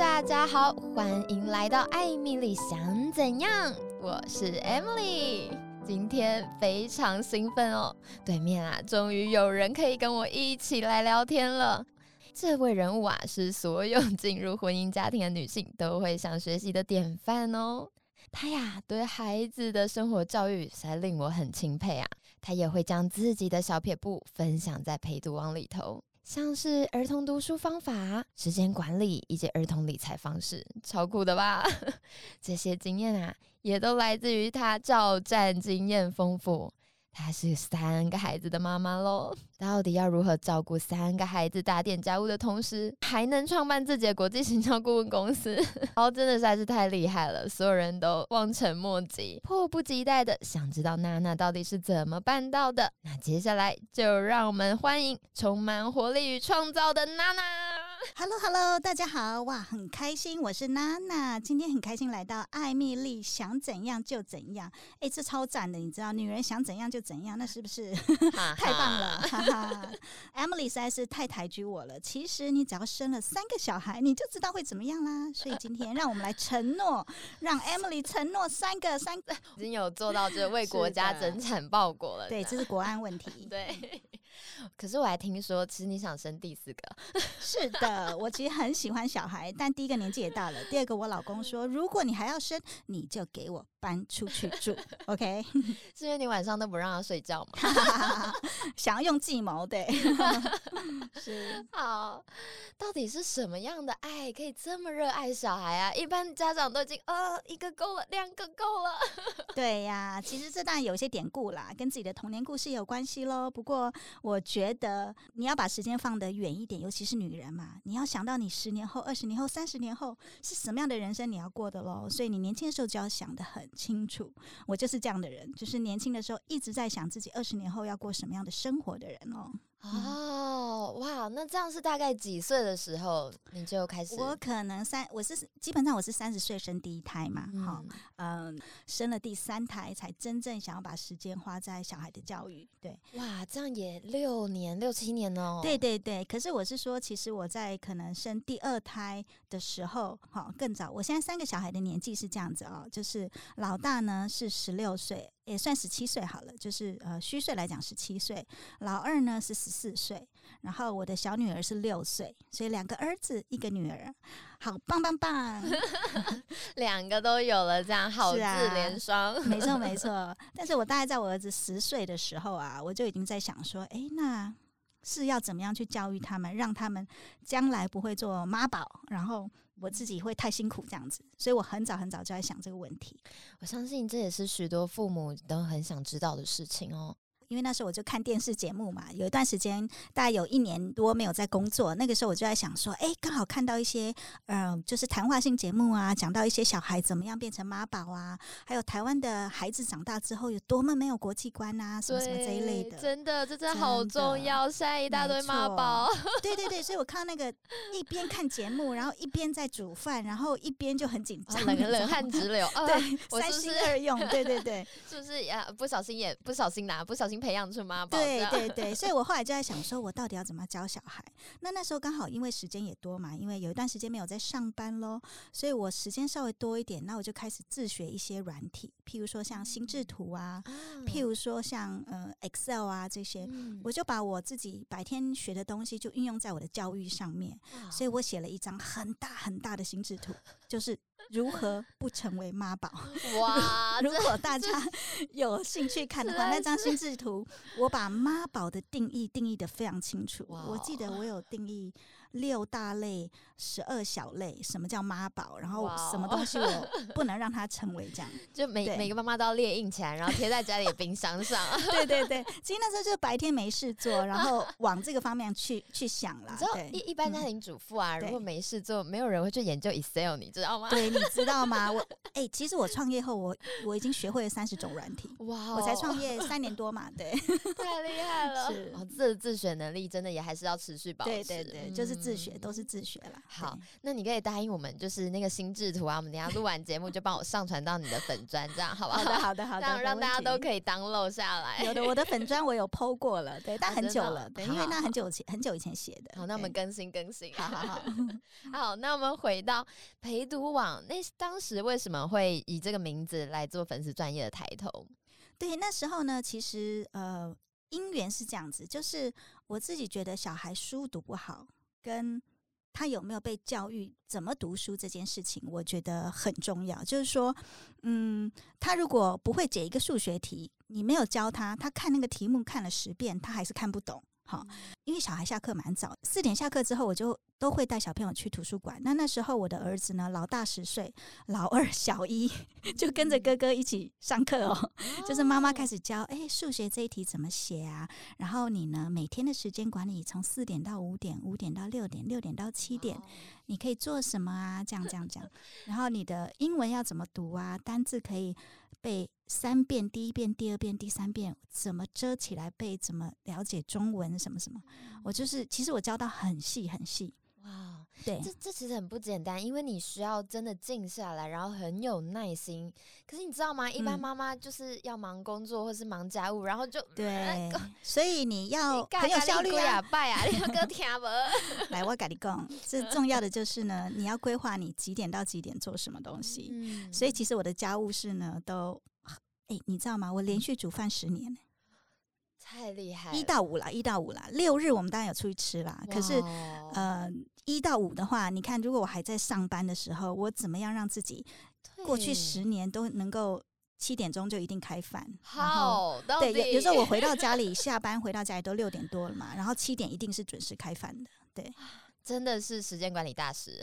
大家好，歡迎來到艾米麗想怎樣？我是 Emily，今天非常興奮哦！對面啊，終於有人可以跟我一起來聊天了。這位人物啊，是所有進入婚姻家庭的女性都會想學習的典範哦。她呀，對孩子的生活教育實在令我很欽佩啊。她也會將自己的小撇步分享在陪讀網裡頭。像是兒童讀書方法、時間管理以及兒童理財方式，超酷的吧？ 這些經驗啊，也都來自於他照戰經驗豐富。她是三個孩子的媽媽嘍，到底要如何照顧三個孩子、打點家務的同時，還能創辦自己的國際行銷顧問公司？ 哦，真的實在是太厲害了，所有人都望塵莫及，迫不及待的想知道娜娜到底是怎麼辦到的。那接下來就讓我們歡迎充滿活力與創造的娜娜。Hello，Hello，hello, 大家好，哇，很開心，我是娜娜，今天很開心來到艾米麗，想怎樣就怎樣，誒、欸，這超讚的，你知道，嗯、女人想怎樣就怎樣，那是不是哈哈 太棒了哈哈 ？Emily 實在是太抬舉我了，其實你只要生了三個小孩，你就知道會怎麼樣啦。所以今天讓我們來承諾，讓 Emily 承諾三個 三個，個已經有做到，這為國家增產報國了。的對，這是國安問題。 對。可是我還聽說，其實你想生第四個？ 是的，我其實很喜歡小孩，但第一個年紀也大了。第二個，我老公說，如果你還要生，你就給我搬出去住 ，OK？是因為你晚上都不讓他睡覺嗎？ 想要用計謀，對， 是好。到底是什麼樣的愛可以這麼熱愛小孩啊？一般家長都已經哦，一個夠了，兩個夠了。 對呀、啊，其實這當然有些典故啦，跟自己的童年故事也有關係嘍。不過我。我覺得你要把時間放得遠一點，尤其是女人嘛，你要想到你十年後、二十年後、三十年後是什麼樣的人生你要過的咯。所以你年輕的時候就要想得很清楚。我就是這樣的人，就是年輕的時候一直在想自己二十年後要過什麼樣的生活的人哦。哦，哇，那這樣是大概幾歲的時候你就開始？我可能三，我是基本上我是三十歲生第一胎嘛，哈、嗯，嗯，生了第三胎才真正想要把時間花在小孩的教育。對，哇，這樣也六年，六七年哦。對對對，可是我是說，其實我在可能生第二胎，的時候，好、哦、更早。我現在三個小孩的年紀是這樣子哦，就是老大呢是十六歲，也算十七歲好了，就是呃虛歲來講十七歲。老二呢是十四歲，然後我的小女兒是六歲，所以兩個兒子一個女兒，好棒棒棒， 兩個都有了，這樣好事連雙，啊，沒錯沒錯。但是我大概在我兒子十歲的時候啊，我就已經在想說，哎那。是要怎麼樣去教育他們，讓他們將來不會做媽寶，然後我自己會太辛苦這樣子。所以我很早很早就在想這個問題。我相信這也是許多父母都很想知道的事情哦。因為那時候我就看電視節目嘛，有一段時間大概有一年多沒有在工作，那個時候我就在想說，哎、欸，剛好看到一些，嗯、呃，就是談話性節目啊，講到一些小孩怎麼樣變成媽寶啊，還有台灣的孩子長大之後有多麼沒有國際觀啊，什麼什麼這一類的，真的，這真的好重要，曬的一大堆媽寶，對對對，所以我看到那個一邊看節目，然後一邊在煮飯，然後一邊就很緊張，哦，冷汗直流， 對，啊、三心二用，是是對，對對對，是不是呀，啊？不小心也不小心拿，不小心，啊。不小心培養出媽，對對對，所以我後來就在想，說我到底要怎麼教小孩？ 那那時候剛好因為時間也多嘛，因為有一段時間沒有在上班咯。所以我時間稍微多一點，那我就開始自學一些軟體，譬如說像心智圖啊，嗯、譬如說像呃 Excel 啊這些，嗯、我就把我自己白天學的東西就運用在我的教育上面，嗯、所以我寫了一張很大很大的心智圖，就是。如何不成為媽寶？哇！ 如果大家有興趣看的話，是那張心智圖，是是我把媽寶的定義定義得非常清楚。哇我記得我有定義。六大類，十二小類，什麼叫媽寶？然後什麼東西我不能讓它成為這樣？就每每個媽媽都要列印起來，然後貼在家裡冰箱上。對對對，其實那時候就是白天沒事做，然後往這個方面去去想啦。你知道，一一般家庭主婦啊，如果沒事做，沒有人會去研究 Excel，你知道嗎？對，你知道嗎？我哎，其實我創業後，我我已經學會了三十種軟體。哇，我才創業三年多嘛，對，太厲害了。是。自學能力真的也還是要持續保持。對對對，就是。自學都是自學了。好，那你可以答應我們，就是那個心智圖啊，我們等下錄完節目就幫我上傳到你的粉專， 這樣好不好？好的，好的，好的。讓讓大家都可以 download 下來。有的，我的粉專我有 po 過了，對，啊、但很久了，的對，好因為那很久前很久以前寫的。好，那我們更新更新。好好好， 好，那我們回到陪讀網，那當時為什麼會以這個名字來做粉絲專業的抬頭？對，那時候呢，其實呃，因緣是這樣子，就是我自己覺得小孩書讀不好。跟他有沒有被教育怎麼讀書這件事情，我覺得很重要。就是說，嗯，他如果不會解一個數學題，你沒有教他，他看那個題目看了十遍，他還是看不懂。好，因為小孩下課蠻早，四點下課之後，我就，都會帶小朋友去圖書館。那那時候我的兒子呢，老大十歲，老二小一，就跟着哥哥一起上課哦。就是媽媽開始教，誒，數學這一題怎麼寫啊？然後你呢，每天的時間管理，從四點到五點，五點到六點，六點到七點，你可以做什麼啊？這樣這樣這樣。然後你的英文要怎麼讀啊？單字可以背三遍，第一遍、第二遍、第三遍怎麼遮起來背？怎麼了解中文？什麼什麼？我就是，其實我教到很細很細。哇，wow, 對，這這其實很不簡單，因為你需要真的靜下來，然後很有耐心。可是你知道嗎？一般媽媽就是要忙工作、嗯、或是忙家務，然後就對，呃、所以你要、哎、很有效率呀，拜啊！你有天聽不？ 來，我跟你講，最重要的就是呢，你要規劃你幾點到幾點做什麼東西。嗯、所以其實我的家務事呢，都哎，你知道嗎？我連續煮飯十年。太厲害了！一到五啦，一到五啦。六日我們當然有出去吃啦。Wow 可是，呃，一到五的話，你看，如果我還在上班的時候，我怎麼樣讓自己過去十年都能夠七點鐘就一定開飯？好，對，有有時候我回到家裡 下班，回到家裡都六點多了嘛，然後七點一定是準時開飯的。對，真的是時間管理大師。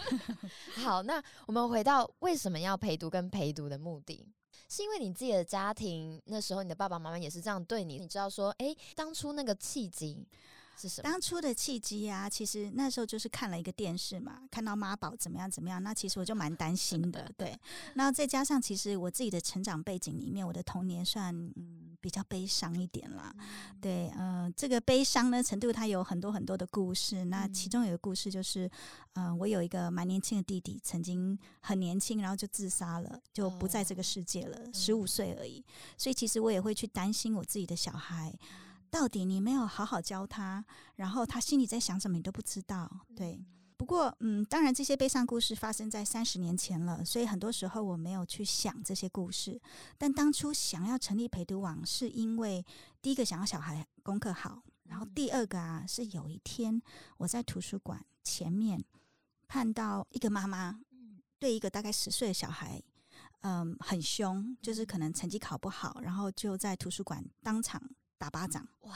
好，那我們回到為什麼要陪讀跟陪讀的目的。是因為你自己的家庭，那時候你的爸爸媽媽也是這樣對你，你知道說，哎、欸，當初那個契機？當初的契機啊，其實那時候就是看了一個電視嘛，看到媽寶怎麼樣怎麼樣，那其實我就蠻擔心的。對，然後再加上其實我自己的成長背景裡面，我的童年算比較悲傷一點啦。對，嗯、呃，這個悲傷呢程度，它有很多很多的故事。那其中有一個故事就是，嗯、呃，我有一個蠻年輕的弟弟，曾經很年輕，然後就自殺了，就不在這個世界了，十五歲而已。所以其實我也會去擔心我自己的小孩。到底你沒有好好教他，然後他心裡在想什麼你都不知道。對，不過嗯，當然這些悲傷故事發生在三十年前了，所以很多時候我沒有去想這些故事。但當初想要成立陪讀網，是因為第一個想要小孩功課好，然後第二個啊是有一天我在圖書館前面看到一個媽媽，對一個大概十歲的小孩，嗯，很兇，就是可能成績考不好，然後就在圖書館當場。打巴掌哇，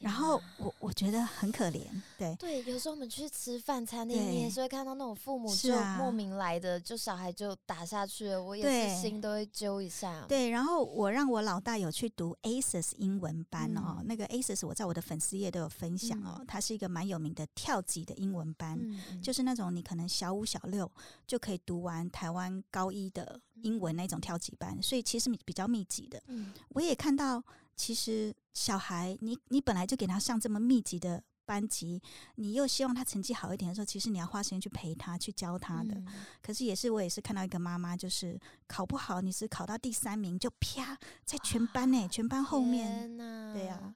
然後我我覺得很可憐，對對。有時候我們去吃飯餐廳，你也是會看到那種父母就莫名來的，就小孩，就打下去了，我也是心都會揪一下。對，然後我讓我老大有去讀 ACES 英文班哦，那個 ACES 我在我的粉絲頁都有分享哦，它是一個蠻有名的跳級的英文班，就是那種你可能小五小六就可以讀完台灣高一的英文那種跳級班，所以其實比較密集的。我也看到其實。小孩，你你本來就給他上這麼密集的班級，你又希望他成績好一點的時候，其實你要花時間去陪他、去教他的。嗯、可是也是我也是看到一個媽媽，就是考不好，你是考到第三名，就啪在全班呢，哇 全班後面。天哪對呀、啊，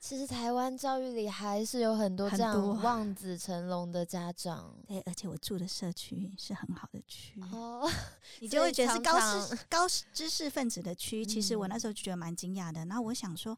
其實台灣教育裡還是有很多這樣望子成龍的家長。對，而且我住的社區是很好的區哦，你就會覺得是高知識、嗯、高知識分子的區。其實我那時候就覺得蠻驚訝的。那我想說。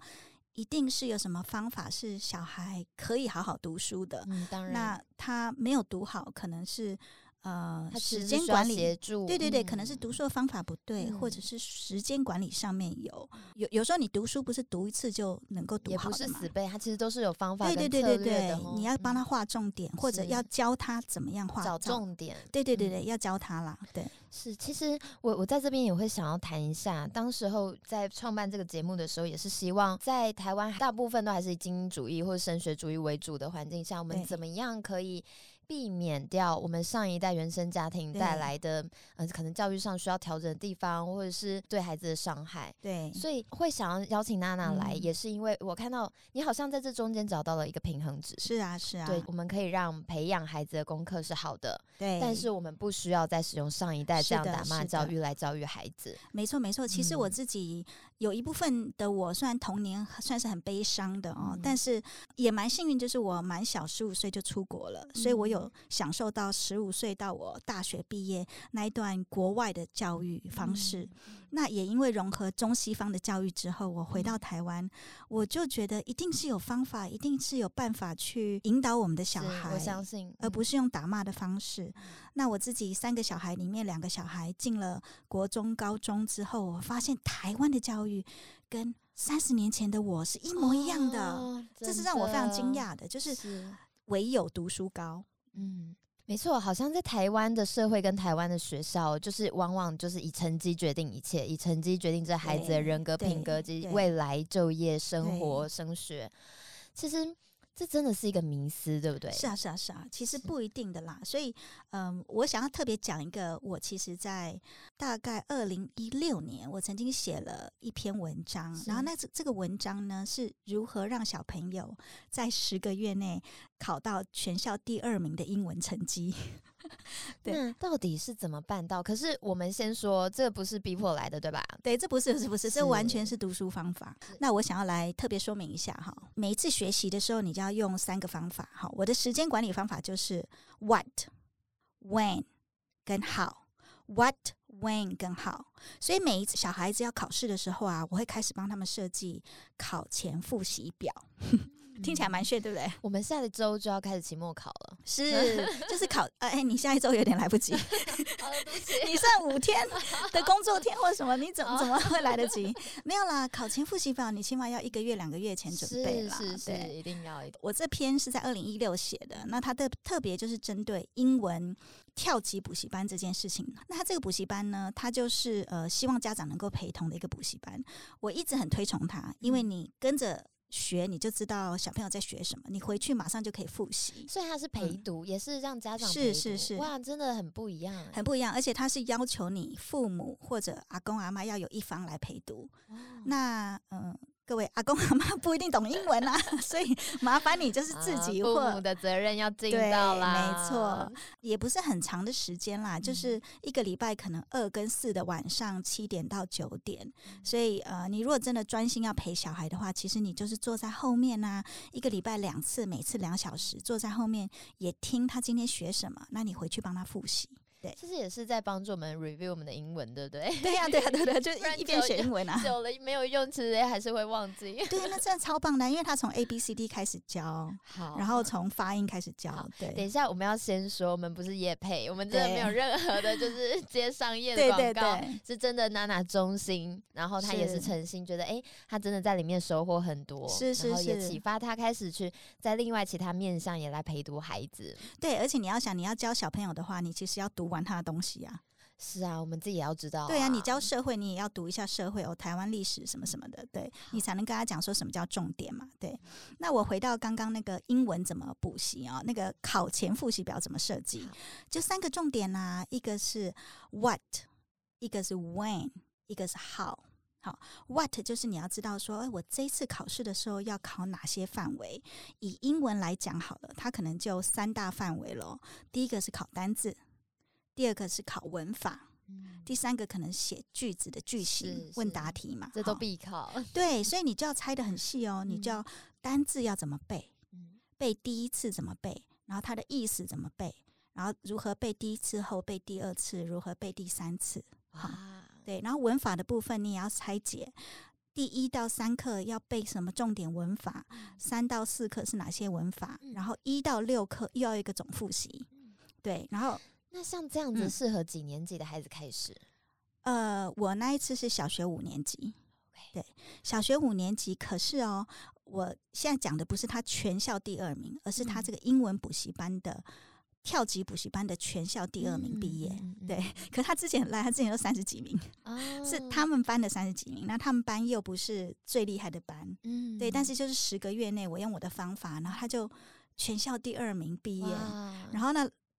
一定是有什麼方法是小孩可以好好讀書的。嗯，當然。那他沒有讀好，可能是。啊，呃、時間管理協助，對對對，嗯、可能是讀書的方法不對，嗯、或者是時間管理上面有有有時候，你讀書不是讀一次就能夠讀好，也不是死背，它其實都是有方法的。對，對對對對對，後你要幫他畫重點，嗯、或者要教他怎麼樣畫找重點。對，對對對對，嗯、要教他啦。對，是。其實我我在這邊也會想要談一下，當時候在創辦這個節目的時候，也是希望在台灣大部分都還是精英主義或升學主義為主的環境下，我們怎麼樣可以、嗯。避免掉我們上一代原生家庭帶來的，嗯對、呃，可能教育上需要調整的地方，或者是對孩子的傷害。對，所以會想要邀請娜娜來，嗯、也是因為我看到你好像在這中間找到了一個平衡值。是啊，是啊。對，我們可以讓培養孩子的功課是好的，對，但是我們不需要再使用上一代這樣打罵教育來教育孩子。沒錯，沒錯。其實我自己有一部分的我，雖然童年算是很悲傷的哦，嗯、但是也蠻幸運，就是我蠻小，十五歲就出國了，嗯、所以我有。有享受到十五歲到我大學畢業那一段國外的教育方式，嗯、那也因為融合中西方的教育之後，我回到台灣，嗯、我就覺得一定是有方法，一定是有辦法去引導我們的小孩，我相信，嗯、而不是用打罵的方式。那我自己三個小孩裡面，兩個小孩進了國中、高中之後，我發現台灣的教育跟三十年前的我是一模一樣的，哦、真的這是讓我非常驚訝的，就是唯有讀書高。嗯，沒錯，好像在台灣的社會跟台灣的學校，就是往往就是以成績決定一切，以成績決定着孩子的人格、品格及未來就業、生活、升學。其實，這真的是一個迷思，對不對？是啊，是啊，是啊，其實不一定的啦。是所以，嗯、呃，我想要特別講一個，我其實在大概二零一六年，我曾經寫了一篇文章，是然後那這這個文章呢，是如何讓小朋友在十個月內考到全校第二名的英文成績。 對，到底是怎麼辦到？可是我們先說，這不是逼迫來的，對吧？對，這不是，不是，不是，這完全是讀書方法。是那我想要來特別說明一下哈，每一次學習的時候，你就要用三個方法。好，我的時間管理方法就是 what，when，跟 how。What，when，跟 how。所以每一次小孩子要考試的時候啊，我會開始幫他們設計考前複習表。 聽起來蠻炫，對不對？嗯、我們下一周就要開始期末考了，是 就是考。哎哎，你下一周有點來不及， 哦、不，你算五天的工作天 或什麼，你怎麼好怎麼會來得及？ 沒有啦，考前複習法，你起碼要一個月、兩個月前準備吧，是是是，是是對一定要一。我這篇是在二零一六寫的，那它的特別就是針對英文跳級補習班這件事情。那他這個補習班呢，他就是呃，希望家長能夠陪同的一個補習班。我一直很推崇他，因為你跟着。學你就知道小朋友在學什麼，你回去馬上就可以複習。所以他是陪讀，嗯、也是讓家長陪讀。是是是，哇，真的很不一樣、欸，很不一樣。而且他是要求你父母或者阿公阿媽要有一方來陪讀。哦、那嗯。呃各位阿公阿媽不一定懂英文啊， 所以麻煩你就是自己或、啊、父母的責任要盡到啦。沒錯，也不是很長的時間啦，嗯、就是一個禮拜可能二跟四的晚上七點到九點。嗯、所以呃，你如果真的專心要陪小孩的話，其實你就是坐在後面啊，一個禮拜兩次，每次兩小時，坐在後面也聽他今天學什麼，那你回去幫他複習。其實也是在幫助我們 review 我們的英文，對不對？對呀、啊，對呀、啊，對不、啊、對、啊？就是、一， 一邊寫英文啊，久了，久了沒有用詞，還是會忘記。對，那真的超棒的，因為他從 A B C D 開始教，好，然後從發音開始教。好對，對等一下我們要先說，我們不是業配，我們真的沒有任何的，就是接商業的廣告，對 對對對是真的娜娜衷心。然後他也是誠心覺得，哎是，他真的在裡面收穫很多，是是是，也啟發他開始去在另外其他面上也來陪讀孩子。對，而且你要想，你要教小朋友的話，你其實要讀。管他的東西啊，是啊，我們自己也要知道、啊。對啊，你教社會，你也要讀一下社會哦，台灣歷史什麼什麼的，對好你才能跟他講說什麼叫重點嘛。對，那我回到剛剛那個英文怎麼補習啊、哦？那個考前復習表怎麼設計？好就三個重點啊，一個是 what，一個是 when，一個是 how。好，what 就是你要知道說，哎，我這次考試的時候要考哪些範圍？以英文來講好了，它可能就三大範圍咯。第一個是考單字。第二個是考文法，第三個可能寫句子的句型、嗯、問答題嘛，是是哦、這都必考。對，所以你就要拆得很細哦，嗯、你就要單字要怎麼背，嗯、背第一次怎麼背，然後它的意思怎麼背，然後如何背第一次後背第二次，如何背第三次。啊哇、哦，對，然後文法的部分你也要拆解，第一到三課要背什麼重點文法，嗯、三到四課是哪些文法，然後一到六課又要一個總複習。嗯、對，然後。那像這樣子適合幾年級的孩子開始、嗯？呃，我那一次是小學五年級。Okay. 對，小學五年級。可是哦、喔，我現在講的不是他全校第二名，而是他這個英文補習班的、嗯、跳級補習班的全校第二名畢業。嗯嗯嗯、對，可他之前很爛，他之前都三十幾名，哦、是他們班的三十幾名。那他們班又不是最厲害的班，嗯，對。但是就是十個月內，我用我的方法，然後他就全校第二名畢業。哇然後呢？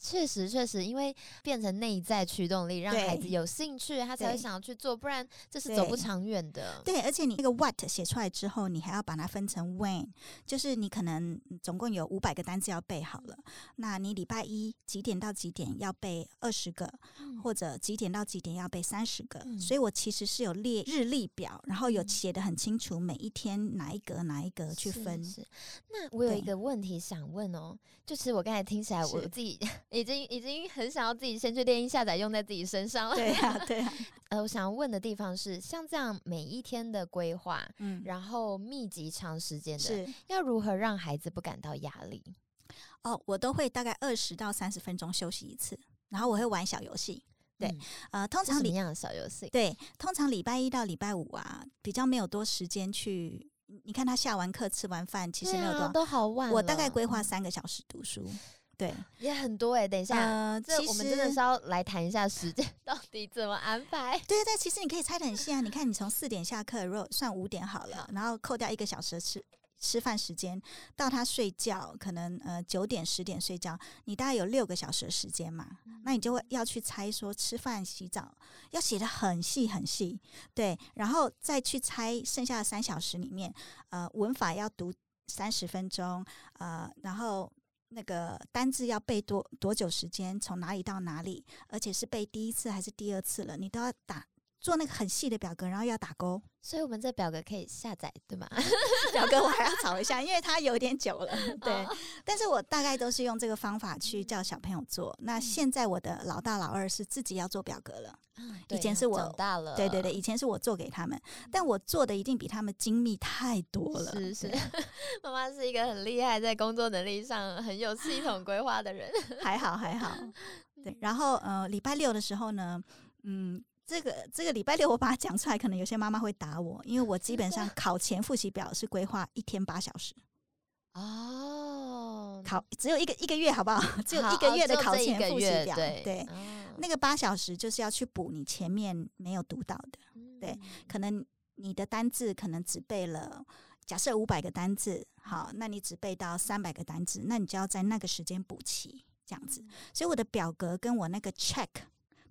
確實，確實，因為變成內在驅動力，讓孩子有興趣，對他才會想要去做，對不然這是走不長遠的對。對，而且你那個 what 寫出來之後，你還要把它分成 when，就是你可能總共有五百個單字要背好了，嗯、那你禮拜一幾點到幾點要背二十個，嗯、或者幾點到幾點要背三十個。嗯、所以我其實是有列日曆表，然後有寫得很清楚，每一天哪一格哪一格去分、嗯，是是。那我有一個問題想問哦，對就是我剛才聽起來我自己。已經已經很想要自己先去電音下載用在自己身上了對、啊。對呀、啊，對呀。呃，我想要問的地方是，像這樣每一天的規劃，嗯、然後密集長時間的，是要如何讓孩子不感到壓力？哦，我都會大概二十到三十分鐘休息一次，然後我會玩小遊戲。對，嗯、呃，通常是什麼樣的小遊戲？對，通常禮拜一到禮拜五啊，比較沒有多時間去。你看他下完課吃完飯，其實沒有多，啊、都好晚。我大概規劃三個小時讀書。嗯對，也、yeah, 很多哎、欸。等一下，呃、這我們真的是要來談一下時間到底怎麼安排。對對，其實你可以猜得很細啊。 你看，你從四點下課，如果算五點好了， 然後扣掉一個小時吃吃飯時間，到他睡覺，可能呃九點十點睡覺，你大概有六個小時的時間嘛？嗯、那你就會要去猜說吃飯、洗澡要寫得很細很細，對，然後再去猜剩下的三小時裡面，呃，文法要讀三十分鐘，呃，然後。那個單字要背多多久時間？從哪裡到哪裡？而且是背第一次還是第二次了？你都要打。做那個很細的表格，然後要打勾，所以我們這表格可以下載，對吧？表格我還要找一下，因為它有點久了。對，但是我大概都是用這個方法去叫小朋友做。那現在我的老大老二是自己要做表格了，以前是我長大了，對對對，以前是我做給他們，但我做的一定比他們精密太多了。是是，媽媽是一個很厲害，在工作能力上很有系統規劃的人，還好還好。對，然後呃，禮拜六的時候呢，嗯。這個這個禮拜六我把它講出來，可能有些媽媽會打我，因為我基本上考前複習表是規劃一天八小時。哦，考只有一個一個月好不好？好，只有一個月的考前複習表，哦、對，對哦、那個八小時就是要去補你前面沒有讀到的。嗯、對，可能你的單字可能只背了，假設五百個單字，好，那你只背到三百個單字，那你就要在那個時間補齊這樣子。嗯、所以我的表格跟我那個 check。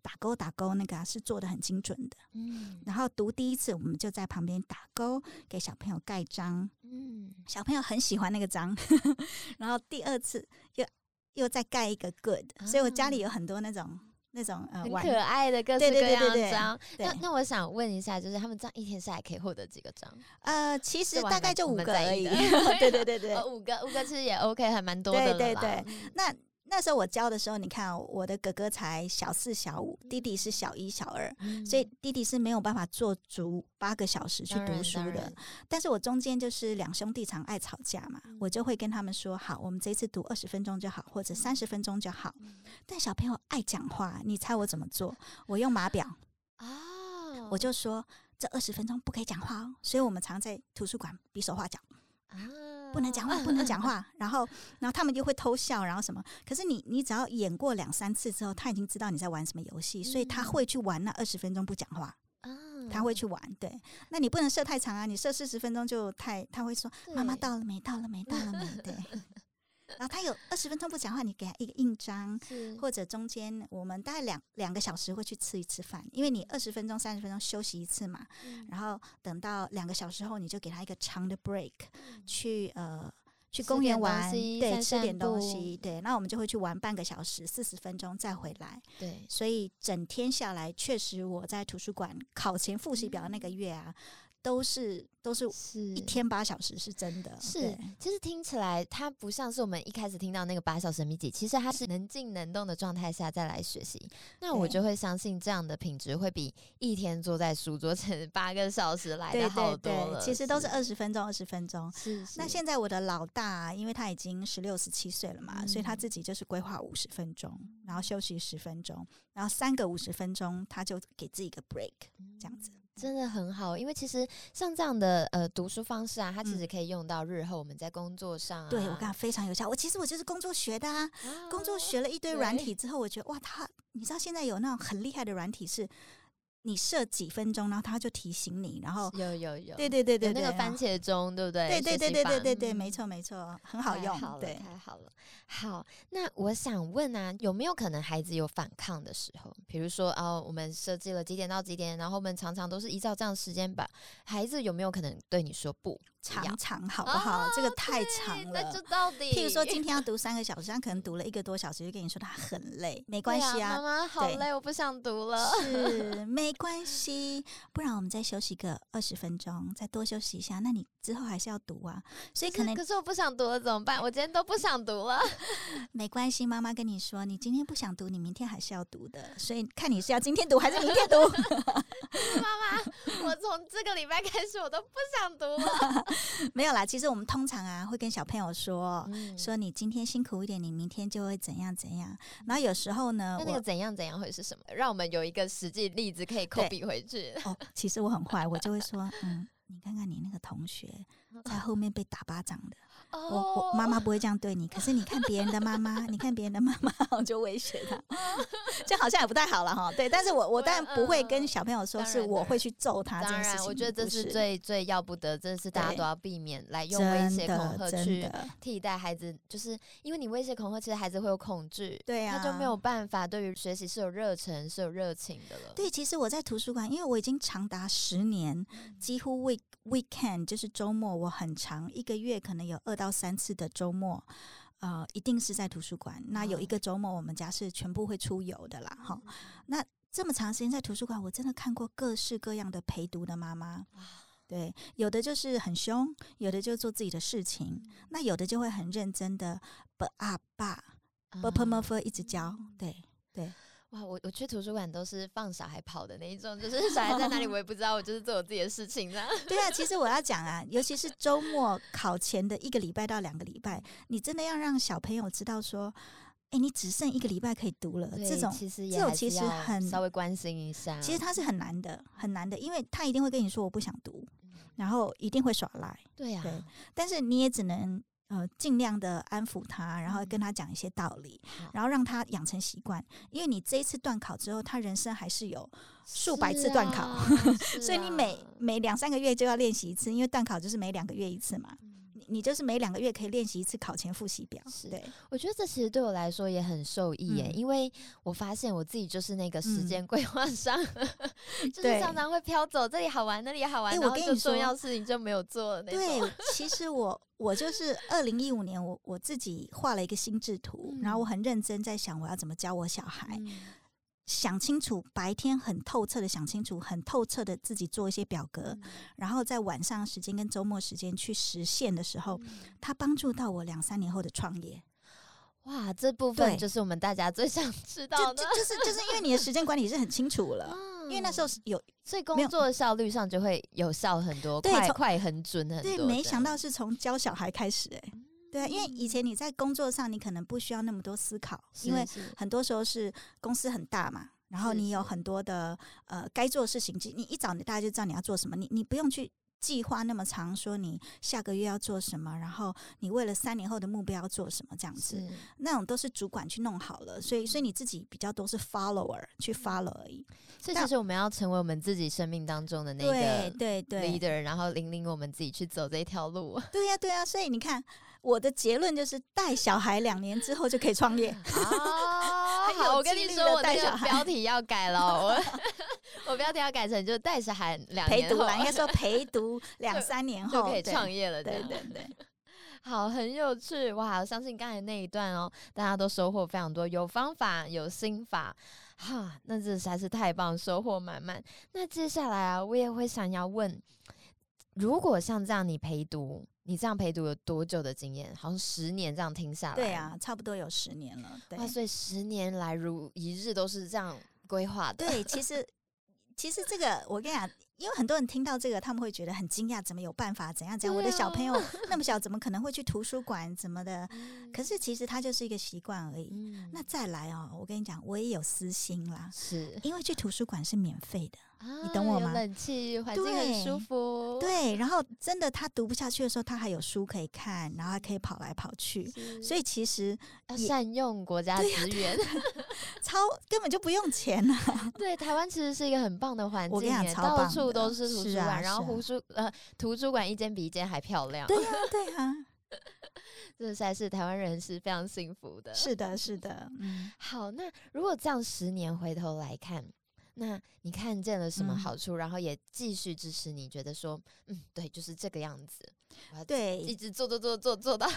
打勾打勾，那個、啊、是做得很精準的。嗯，然後讀第一次，我們就在旁邊打勾，給小朋友蓋章。嗯，小朋友很喜歡那個章。呵呵然後第二次又又再蓋一個 good，、啊、所以我家裡有很多那種那種呃可愛的各式各樣的章。那那我想問一下，就是他們這樣一天下來可以獲得幾個章？呃，其實大概就五個而已。 哦、對,對對對對，哦、五個五個其實也 OK，還蠻多的了對,對對對，那。那時候我教的時候，你看我的哥哥才小四、小五，嗯、弟弟是小一、小二，嗯、所以弟弟是沒有辦法做足八個小時去讀書的。但是我中間就是兩兄弟常愛吵架嘛，嗯、我就會跟他們說：好，我們這次讀二十分鐘就好，或者三十分鐘就好。嗯、但小朋友愛講話，你猜我怎麼做？我用碼錶啊，哦、我就說這二十分鐘不可以講話哦。所以我們常在圖書館比手畫腳。啊、不能講話，不能講話。嗯嗯、然後，然後他們就會偷笑，然後什麼？可是你，你只要演過兩三次之後，他已經知道你在玩什麼遊戲，嗯、所以他會去玩那二十分鐘不講話。嗯、他會去玩。對，那你不能設太長啊，你設四十分鐘就太，他會說對媽媽到了沒？到了沒？到了沒？對。 然後他有二十分鐘不講話，你給他一個印章，是或者中間我們大概兩兩個小時會去吃一次飯，因為你二十分鐘三十分鐘休息一次嘛，嗯、然後等到兩個小時後，你就給他一個長的 break，、嗯、去呃去公園玩，對，吃點東西，對，那我們就會去玩半個小時，四十分鐘再回來，對，所以整天下來，確實我在圖書館考前複習表那個月啊。嗯都是都是一天八小時是真的是，對其實聽起來它不像是我們一開始聽到那個八小時密集，其實它是能靜能動的狀態下再來學習，那我就會相信這樣的品質會比一天坐在書桌前八個小時來的好多了。對，其實都是二十分鐘，二十分鐘。是，是。那現在我的老大，因為他已經十六十七歲了嘛，嗯、所以他自己就是規劃五十分鐘，然後休息十分鐘，然後三個五十分鐘，他就給自己一個 break、嗯、這樣子。真的很好，因為其實像這樣的呃讀書方式啊，它其實可以用到日後我們在工作上。啊嗯。對，我講非常有效。我其實我就是工作學的，啊，嗯、工作學了一堆軟體之後，對我覺得哇，他，你知道現在有那種很厲害的軟體是。你設幾分鐘，然後他就提醒你，然後有有有，對對對對，對，那個番茄鐘、啊、對不對？對對對對對對對，沒錯沒錯，很好用，好對，太好了。好，那我想問啊，有沒有可能孩子有反抗的時候？比如說啊、哦，我們設計了幾點到幾點，然後我們常常都是依照這樣的時間吧？孩子有沒有可能對你說不？長長好不好？啊、這個太長了。那就到底，譬如說今天要讀三個小時，那可能讀了一個多小時，就跟你說他很累，沒關係啊，媽媽、啊、好累，對我不想讀了，是沒關係。不然我們再休息個二十分鐘，再多休息一下。那你之後還是要讀啊，所以可能是可是我不想讀了怎麼辦？我今天都不想讀了，沒關係，媽媽跟你說，你今天不想讀，你明天還是要讀的，所以看你是要今天讀還是明天讀。 媽媽，我從這個禮拜開始，我都不想讀了、哦。 沒有啦，其實我們通常啊，會跟小朋友說，嗯、說你今天辛苦一點，你明天就會怎樣怎樣。然後有時候呢，那，那個怎樣怎樣會是什麼？我讓我們有一個實際例子可以 copy 回去。哦，其實我很壞，我就會說， 嗯，你看看你那個同學在後面被打巴掌的。我,我媽媽不會這樣對你，可是你看別人的媽媽， 你看別人的媽媽，我就威脅他，這好像也不太好了哈。對，但是我我當然不會跟小朋友說，是我會去揍他這件事事當當。當然，我覺得這是最最要不得，這是大家都要避免對來用威脅恐嚇去替代孩子，就是因為你威脅恐嚇，其實孩子會有恐懼，對啊，他就沒有辦法對於學習是有熱忱是有熱情的了。對，其實我在圖書館，因為我已經長達十年，幾乎 week weekend 就是周末，我很長一個月可能有二到。三次的週末，呃，一定是在圖書館。嗯、那有一個週末，我們家是全部會出遊的啦，哈、嗯。那這麼長時間在圖書館，我真的看過各式各樣的陪讀的媽媽。哇 對，有的就是很凶，有的就做自己的事情，嗯、那有的就會很認真的 ㄅㄆㄇㄈ、嗯、一直教。對對。哇，我我去圖書館都是放小孩跑的那一種，就是小孩在哪裡我也不知道，我就是做我自己的事情這樣、oh. 對啊，其實我要講啊，尤其是周末考前的一個禮拜到兩個禮拜，你真的要讓小朋友知道說，哎、欸，你只剩一個禮拜可以讀了。對這種其實也還是這種其實很稍微關心一下、啊。其實他是很難的，很難的，因為他一定會跟你說我不想讀，然後一定會耍賴。對呀、啊，但是你也只能。呃，盡量的安撫他，然後跟他講一些道理，然後讓他養成習慣。因為你這一次段考之後，他人生還是有數百次段考，啊啊、 所以你每每兩三個月就要練習一次，因為段考就是每兩個月一次嘛。你就是每兩個月可以練習一次考前複習表，是對我覺得這其實對我來說也很受益耶，嗯、因為我發現我自己就是那個時間規劃上，嗯、 就是常常會飄走，對這裡好玩，那裡好玩，我跟、欸、你說，要是你就沒有做。那種對，其實我我就是二零一五年我，我我自己畫了一個心智圖，嗯、然後我很認真在想我要怎麼教我小孩。嗯想清楚，白天很透徹的想清楚，很透徹的自己做一些表格，嗯、然後在晚上時間跟周末時間去實現的時候，嗯、它幫助到我兩三年後的創業。嗯、哇，這部分對就是我們大家最想知道的，就，就，就是就是因為你的時間管理是很清楚了，嗯、因為那時候是有，所以工作的效率上就會有效很多，快有快很準很多的。對，沒想到是從教小孩開始哎、欸。對啊，因為以前你在工作上，你可能不需要那麼多思考，因為很多時候是公司很大嘛，然後你有很多的呃該做的事情，你一早你大家就知道你要做什麼，你你不用去。計劃那麼長，說你下個月要做什麼，然後你為了三年後的目標要做什麼，這樣子，是那種都是主管去弄好了，所以所以你自己比較多是 follower 去 follow 而已。但是、嗯、我們要成為我們自己生命當中的那一個 leader，對，對對 leader，然後引領、領我們自己去走這一條路。對呀、啊、對呀、啊，所以你看，我的結論就是帶小孩兩年之後就可以創業。 哦好，我跟你說，我的標題要改了哦 我。我標題要改成就代思涵兩年後，應該說陪讀兩三年後 就就可以創業了對。對對對，對好，很有趣哇！相信剛才那一段哦，大家都收穫非常多，有方法，有心法，哈，那這實在是太棒，收穫滿滿。那接下來啊，我也會想要問，如果像這樣你陪讀，你這樣陪讀有多久的經驗？好像十年這樣聽下來。對啊，差不多有十年了。對哇，所以十年來如一日都是這樣規劃的。對，其實其實這個我跟你講，因為很多人聽到這個，他們會覺得很驚訝，怎麼有辦法？怎樣？怎樣、對啊？我的小朋友那麼小，怎麼可能會去圖書館？怎麼的？嗯、可是其實他就是一個習慣而已。嗯、那再來哦，我跟你講，我也有私心啦，是因為去圖書館是免費的。啊，你等我嗎？冷氣環境很舒服對，對。然後真的，他讀不下去的時候，他還有書可以看，然後還可以跑來跑去。是所以其實要善用國家資源，啊、超根本就不用錢呢。 對，台灣其實是一個很棒的環境，到處都是圖書館，啊啊、然後圖書呃圖書館一間比一間還漂亮。對啊，對啊。 這實在是台灣人是非常幸福的。是的，是的。嗯、好，那如果這樣十年回頭來看，那你看見了什麼好處？嗯、然後也繼續支持你？你覺得說，嗯，對，就是這個樣子。對，一直做做做做做到。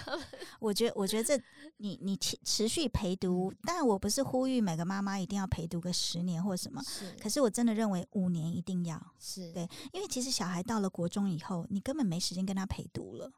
我覺得，我覺得這你你持續陪讀，但我不是呼籲每個媽媽一定要陪讀個十年或什麼。是。可是我真的認為五年一定要是對，因為其實小孩到了國中以後，你根本沒時間跟他陪讀了，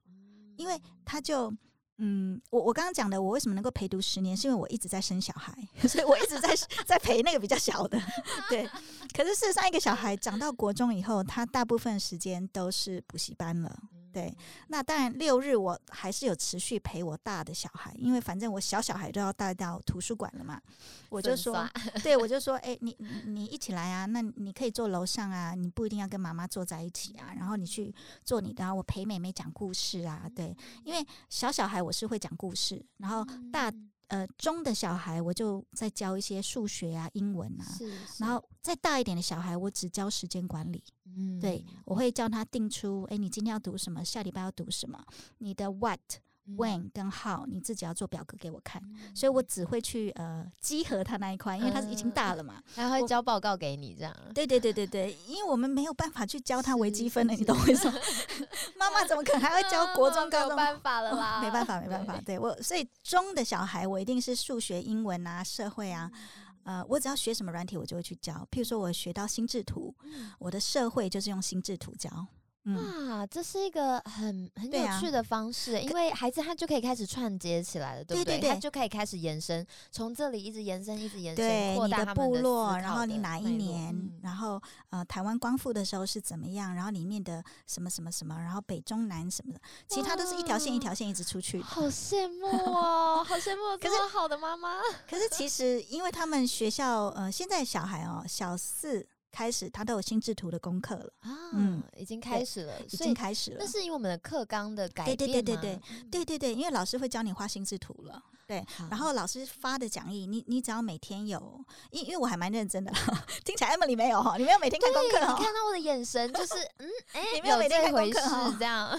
因為他就。嗯，我我剛剛講的，我為什麼能夠陪讀十年，是因為我一直在生小孩， 所以我一直在在陪那個比較小的，對。可是事實上，一個小孩長到國中以後，他大部分時間都是補習班了。對，那當然六日我還是有持續陪我大的小孩，因為反正我小小孩都要帶到圖書館了嘛，我就說，刷對，我就說，哎，你你一起來啊，那你可以坐樓上啊，你不一定要跟媽媽坐在一起啊，然後你去做你的啊，我陪妹妹講故事啊，對，因為小小孩我是會講故事，然後大。嗯呃，中的小孩我就在教一些數學啊、英文啊，是是然後再大一點的小孩，我只教時間管理。嗯對，對我會教他定出，哎，你今天要讀什麼，下禮拜要讀什麼，你的 what。When 跟 How 你自己要做表格給我看，嗯、所以我只會去呃集合他那一塊，因為他是已經大了嘛，他、呃、我會交報告給你這樣。對對對對對，因為我們沒有辦法去教他微積分的，是你都會說， 媽媽怎麼可能還會教國中高中？有、啊、辦法了啦、哦，沒辦法沒辦法。對，對我，所以中的小孩我一定是數學、英文啊、社會啊，嗯、呃，我只要學什麼軟體我就會去教。譬如說我學到心智圖，嗯、我的社會就是用心智圖教。嗯、哇，這是一個很很有趣的方式，啊、因為孩子他就可以開始串接起來了，可對不對？對對對，他就可以開始延伸，從這裡一直延伸，一直延伸，對，擴大他們的你的部落，然後你哪一年，嗯、然後呃台灣光復的時候是怎麼樣，然後裡面的什麼什麼什麼，然後北中南什麼的，其他都是一條線一條線一直出去。好羨慕哦， 好羨慕，這麼好的媽媽。可是其實因為他們學校呃現在小孩哦小四，開始，他都有心智圖的功課了、啊、嗯，已經開始了，對以已經開始了。那是因為我們的課綱的改變嗎？對對對對對、嗯、對對對，因為老師會教你畫心智圖了。對，然後老師發的講義，你你只要每天有，因因為我還蠻認真的，聽起來 Emily 沒有，你沒有每天看功課，你看到我的眼神就是嗯，哎，你沒有每天看功課是這樣。對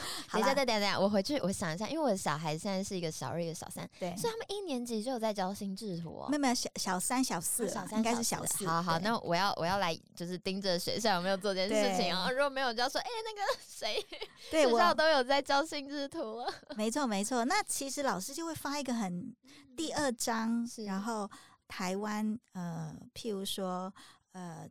對對對對，我回去我想一下，因為我的小孩現在是一個小二，一個小三，對，所以他們一年級就有在教心智圖。妹妹小小三小四，小三應該是小四。好好，那我要我要來就是盯着學校有沒有做這件事情哦，如果沒有，就要說哎那個誰，對，學校都有在教心智圖沒錯沒錯，那其實老師就會發一個很。第二章，然後台灣呃，譬如說呃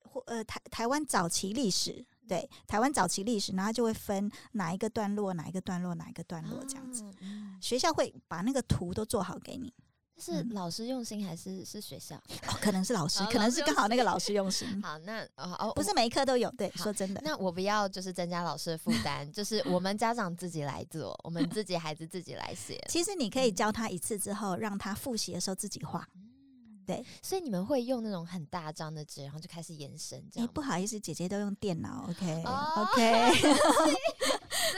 或呃台台灣早期歷史，對，台灣早期歷史，然後就會分哪一個段落，哪一個段落，哪一個段落這樣子，啊嗯、學校會把那個圖都做好給你。是老師用心還是是學校？哦，可能是老師，可能是剛好那個老師用心。好，那哦哦，不是每一科都有。對，說真的，那我不要，就是增加老師的負擔，就是我們家長自己來做，我們自己孩子自己來寫。其實你可以教他一次之後，讓他複習的時候自己畫。對。所以你們會用那種很大張的紙，然後就開始延伸這樣。不好意思，姐姐都用電腦。OK，OK。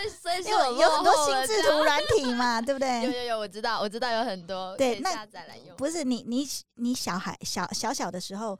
所以，因為有很多心智圖軟體嘛，對不對？有有有，我知道，我知道有很多。對，那下載來用。不是你，你，你小孩小小小的時候，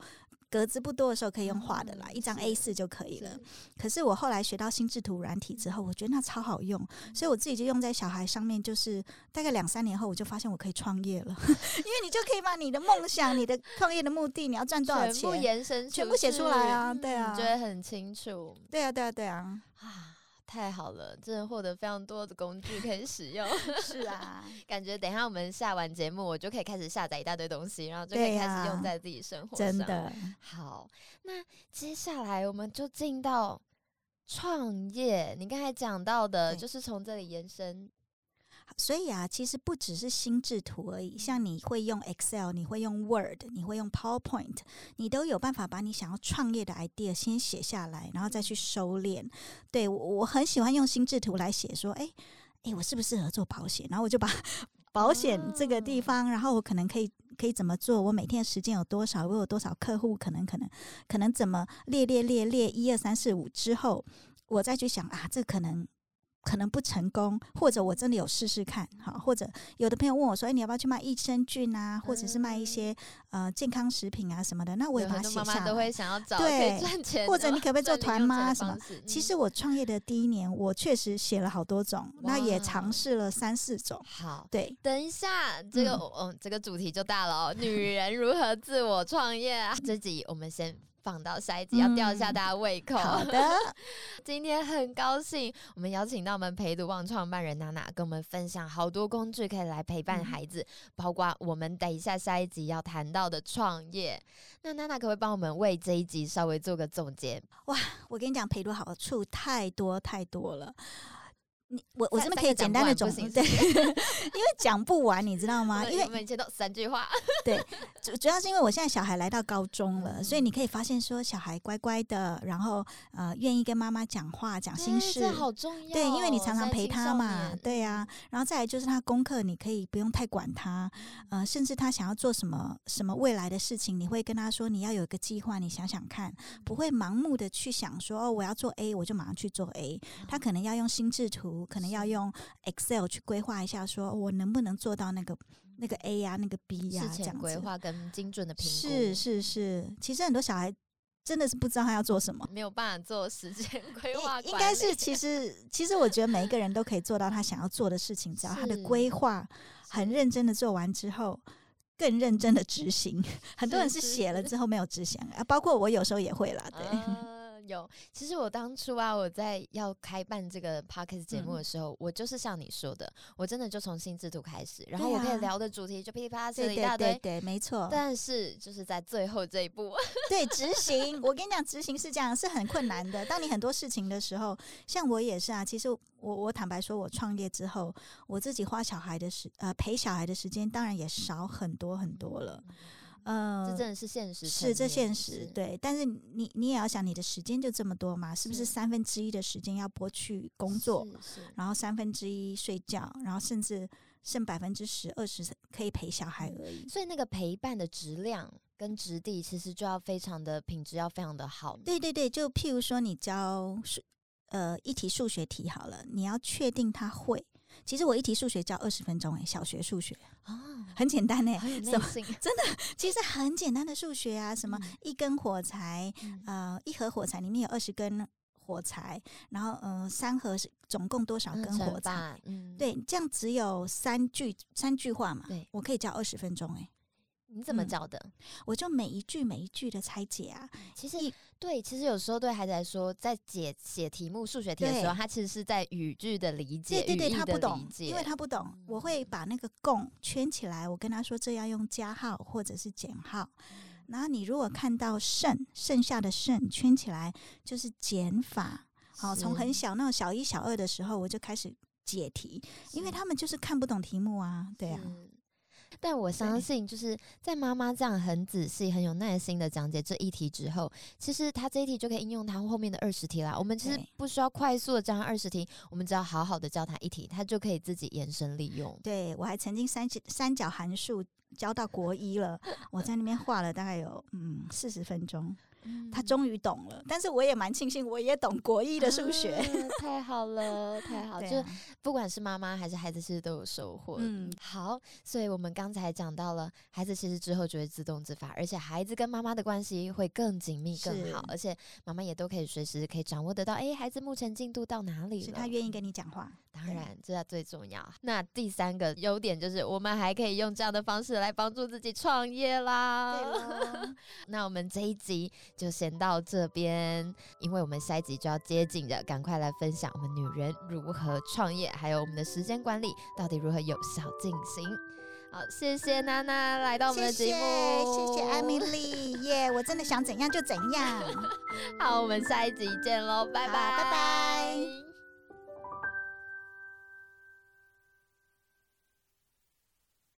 格子不多的時候可以用畫的啦，一張 A4 就可以了。可是我後來學到心智圖軟體之後，我覺得那超好用，所以我自己就用在小孩上面。就是大概兩三年後，我就發現我可以創業了，因為你就可以把你的夢想、你的創業的目的、你要賺多少錢，全部延伸，全部寫出來啊。對啊，覺得很清楚。對啊，對啊，對啊。啊。太好了，真的獲得非常多的工具可以使用。 是啊， 感覺等一下我們下完節目，我就可以開始下載一大堆東西，然後就可以開始用在自己生活上。啊，真的。好，那接下來我們就進到創業。你剛才講到的，就是從這裡延伸。所以啊，其實不只是心智圖而已，像你會用 Excel，你會用 Word，你會用 PowerPoint，你都有辦法把你想要創業的 idea 先寫下來，然後再去收斂。對我，我很喜歡用心智圖來寫，說，誒、欸、誒、欸，我適不適合做保險？然後我就把保險這個地方，oh. 然後我可能可以可以怎麼做？我每天的時間有多少？我有多少客戶？可能可能可能怎麼列列列列一二三四五之後，我再去想啊，這可能。可能不成功，或者我真的有試試看，好，或者有的朋友問我說，說、欸：“你要不要去賣益生菌啊，嗯、或者是賣一些呃健康食品啊什麼的？”那我也把它寫下來，媽媽想要找對賺錢，或者你可不可以做團媽？什麼？嗯、其實我創業的第一年，我確實寫了好多種，哇那也嘗試了三四種。好，對，等一下，這個、嗯、哦，這個主題就大了，哦，女人如何自我創業啊？ 這集我們先放到下一集要吊一下大家胃口，嗯。好的， 今天很高興我們邀請到我們陪讀網創辦人娜娜，跟我們分享好多工具可以來陪伴孩子，嗯、包括我們等一下下一集要談到的創業。那娜娜可不可以幫我們為這一集稍微做個總結？哇，我跟你講，陪讀好處太多太多了。你我我這麼可以簡單的總結。行對， 因為講不完，你知道嗎？因為我們都三句話。 對，主主要是因為我現在小孩來到高中了，所以你可以發現說小孩乖乖的，然後呃願意跟媽媽講話講心事，好重要。對，因為你常常陪他嘛，對啊。然後再來就是他功課，你可以不用太管他，呃，甚至他想要做什麼什麼未來的事情，你會跟他說你要有個計劃，你想想看，不會盲目的去想說哦我要做 A 我就馬上去做 A，他可能要用心智圖。可能要用 Excel 去規劃一下說，說、哦、我能不能做到那個那個 A 呀、啊，那個 B 呀、啊，這樣規劃跟精準的評估是是是。其實很多小孩真的是不知道他要做什麼，沒有辦法做時間規劃。應該是其實其實我覺得每一個人都可以做到他想要做的事情，只要他的規劃很認真的做完之後，更認真的執行。很多人是寫了之後沒有執行啊，包括我有時候也會啦，對。呃有，其實我當初啊，我在要開辦這個 podcast 節目的時候，嗯、我就是像你說的，我真的就從新制度開始，然後我可以聊的主題就噼里啪啦一大堆，對，對，對，對，對，沒錯。但是就是在最後這一步，對，執行。 我跟你講，執行是這樣，是很困難的。當你很多事情的時候，像我也是啊。其實我我坦白說，我創業之後，我自己花小孩的時呃陪小孩的時間，當然也少很多很多了。嗯嗯嗯，呃、這真的是現實，是這現實是對，但是你你也要想，你的時間就這麼多嘛，是不是三分之一的時間要撥去工作，是是然後三分之一睡覺，然後甚至剩百分之十、二十可以陪小孩而已，嗯。所以那個陪伴的質量跟質地，其實就要非常的品質，要非常的好。對對對，就譬如說你教數，呃，一題數學題好了，你要確定他會。其實我一題數學教二十分鐘哎、欸，小學數學啊，哦、很簡單哎、欸，真的其實很簡單的數學啊，什麼一根火柴，嗯、呃，一盒火柴裡面有二十根火柴，然後呃，三盒是總共多少根火柴？嗯嗯、對，這樣只有三句三句話嘛，對，我可以教二十分鐘哎、欸，你怎麼教的、嗯？我就每一句每一句的拆解啊，其實。一對，其實有時候對孩子來說，在解寫題目、數學題的時候，對他其實是在語句的理解，對，對，對，語義的理解，對，他不懂，因為他不懂。我會把那個“共”圈起來，我跟他說這要用加號或者是減號。嗯、然後你如果看到“剩”剩下的“剩”圈起來，就是減法。好是、哦，從很小那種小一、小二的時候，我就開始解題，是因為他們就是看不懂題目啊，對啊。但我相信，就是在媽媽這樣很仔細、很有耐心的講解這一題之後，其實他這一題就可以應用他後面的二十題啦。我們其實不需要快速的教二十題，我們只要好好的教他一題，他就可以自己延伸利用。對，我還曾經三三角函數教到國一了，我在那邊畫了大概有嗯四十分鐘。嗯、他終於懂了，但是我也蠻慶幸，我也懂國一的數學，啊，太好了，太好。啊、就是不管是媽媽還是孩子，其實都有收穫。嗯，好，所以我們剛才講到了，孩子其實之後就會自動自發，而且孩子跟媽媽的關係會更緊密、更好，是而且媽媽也都可以隨時可以掌握得到，誒、哎，孩子目前進度到哪裡了？所以他願意跟你講話，當然這對最重要。那第三個優點就是，我們還可以用這樣的方式來幫助自己創業啦。了嗎， 那我們這一集就先到這邊，因為我們下一集就要接近了，趕快來分享我們女人如何創業，還有我們的時間管理到底如何有效進行。好，謝謝娜娜來到我們的節目。謝謝，謝謝艾米麗耶， yeah, 我真的想怎樣就怎樣。好，我們下一集見嘍，拜拜拜拜。